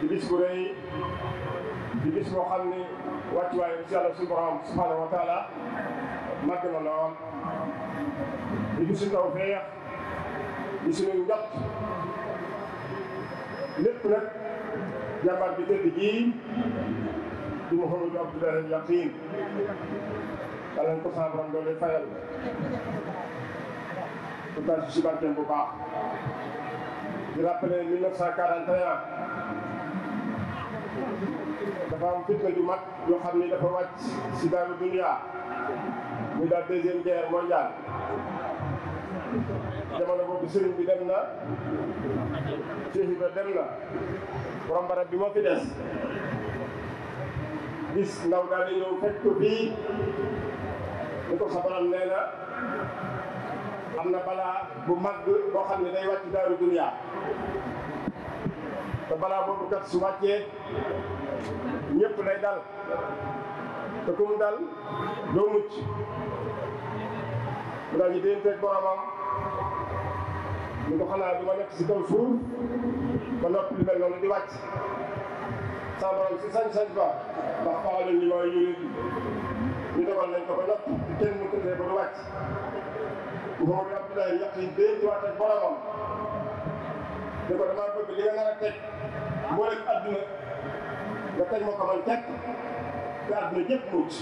di bis bu rëy di xam ni wàccuwaayu si yàlla suñu borom wa taala màgg na lool di bisu taw feex di suñu njot lépp nag jàmbaar bi tëdd jii di Mouhamadou Abdoulaye Yaqin yàlla na ko saa borom doole fayal bu taas si barkeem bu dafa am fitna ju mag yoo xam ni dafa wàcc si daanu dunia muy daal deuxième guerre mondiale jamono boobu sëriñ bi dem na Cheikh Ibra dem na borom bi moo fi des bis ndaw daal di ñëw fekk fii ñu ko sabaram nee na am na balaa bu mag boo xam ne day wàcc daaru dunia te balaa boobu kat su wàccee ñëpp lay dal te ku mu dal doo mucc mu daal ñu dénteeg boromam ñu ko xanaa du ma nekk si kaw suuf ba noppi lu mel noonu di wàcc sa si sañ-sañ ba ndax faaw leen li ma ñu ñu dogal nañ ko ba noppi kenn mu tëddee ba du wàcc. bu ko wér Abdoulaye ñaq yi déntuwaat ak boromam. di ko damaa bëgg li nga nar a teg mboolem adduna nga teg ma ko man teg te adduna jëpp mucc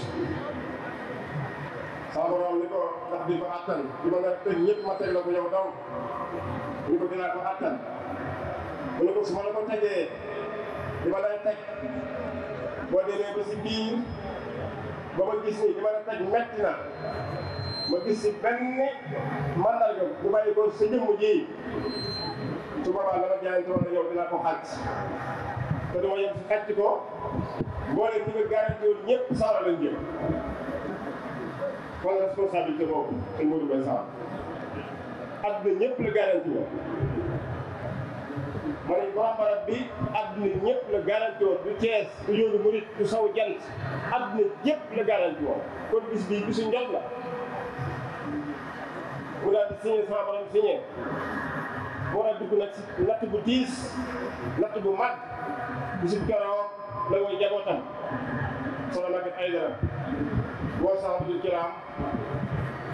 sama ni ko ndax di ko attan di ma nar teg ñëpp ma teg la ko yow daw ñu ko dinaa ko attan mu ne ko su ma la ko tegee di ma lay teg boo demee ba si biir ba ma gis ni di ma la teg metti na ma gis si benn mandarga bu bàyyi ko sa jëmm ji su boobaa la ma jaayante woon yow dinaa ko xaaj te dama yem si xàcc ko boole ñi nga garanti woon ñëpp saara lañ jëm kon responsabilité boobu sëñ Modou Mbaye Sarr àdduna ñëpp la la garanti woon du Cees saw jant àdduna ñëpp la garanti kon bis bii bisu njot la mu daal di signé sama borom signé war a dugg nag si natt bu diis natt bu mag bisim keroog la koy jabootam soxna Maguette Aïdara woo saxabatul kiraam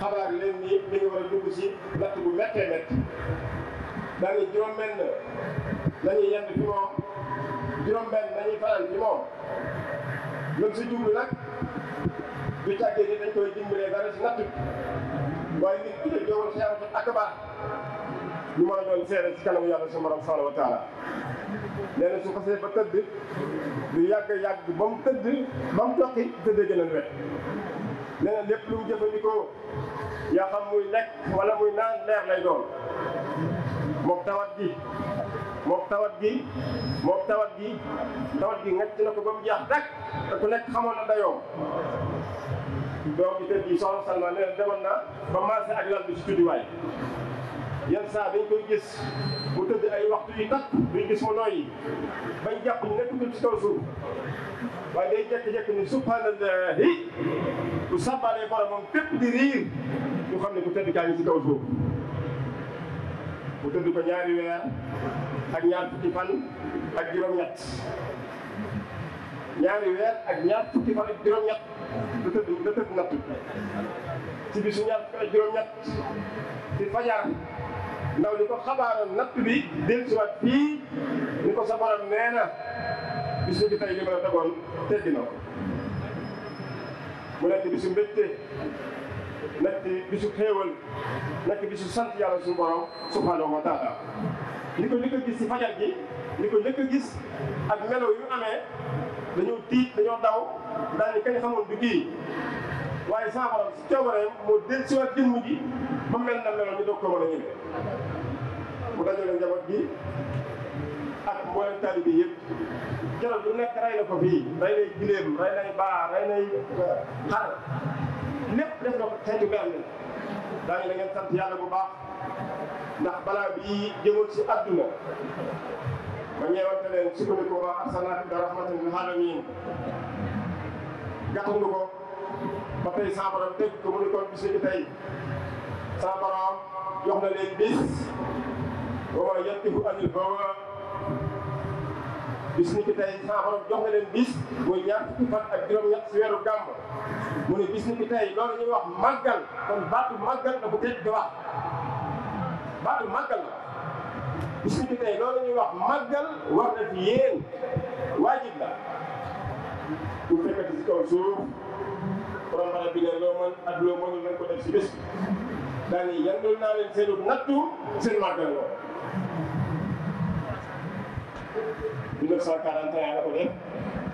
xabaar leen ni dañu war a dugg si natt bu méttee métti daanaka juróom-benn la ñuy yend fi moom juróom-benn la ñuy faral fi moom ñun si jublu nag du tàggee ni dañ koy dimbalee dara si natt bi waaye nit ki la jowoon seeratu akbar ñu ma doon seere ci kanamu yàlla sama borom subhanahu wa taala su xasee ba tëdd lu yàgg yàgg ba mu tëdd ba mu toqi tëddee gënal wet nee na lépp lu mu jëfandikoo yaa xam muy lekk wala muy naan leer lay doon mook tawat gi moo tawat gi mook tawat gi tawat gi ngacc na ko ba mu jeex rek te ku nekk xamoon a dayoom doom bi tëdd yi soxna Salma nee na demoon na ba marché ak lal bi ci yan saa dañ koy gis bu tëdd ay waxtu yu takk duñ gis mu nooyi bañ jàpp ñu nekkatul ci kaw suuf waaye day jékki-jékki ni subhaanallahi bu sàbbaalee boromam fépp di riir ñu xam ne bu tëdd kaa ngi ci kaw suuf bu tëdd ko ñaari weer ak ñaar fukki fan ak juróom-ñett ñaari weer ak ñaar fukki fan ak juróom-ñett da tëdd da tëdd natt ci ñaar ak juróom-ñett ci fajar ndaw li ko xabaaroon natt bi del siwaat fii ñu ko sa borom nee na bis ñu tey li ma la tegoon teggi na bi mu nekk bisu mbégte nekk bisu xéewal nekk bisu sant yàlla suñu borom subhanahu wa taala li ko njëkk a gis ci fajar gi li ko njëkk a gis ak melo yu amee dañoo tiit dañoo daw daal ni kañ xamoon du kii waaye saa borom si coobareem moo del si waat jëmm ji mel na meloon ñu doog ko mën mu dajale njaboot bi ak mboolem taalibe bi yëpp jaral lu nekk rey na ko fii rey nay gileem rey nay baa rey nay xar lépp def na ko xeetu ni daañu da ngeen sant yàlla bu baax ndax balaa bii jëmoon si adduna ma ñeewante leen sukkandiku ko arsalnaaka bi rahmatan lil aalamiin gàttandu ko ba tey saa borom dégg ko mu ne kon bisu bi saa jox na leen bis booba yattifu anil bawa bis ni ki tey jox na leen bis mooy ñaar fukki fan ak juróom-ñett si weeru gàmm mu ne bis ni ki tey loolu ñuy wax kon baatu màggal la bu tëj di wax baatu màggal la bis ni ki tey loolu na fi yéen waajib la bu fekkati si kaw suuf borom mën a bindal loo mën ak loo mënul nañ ko def si bés bi daal ni yandul naa leen seenu nattu seen màggal loo 1941 la ko def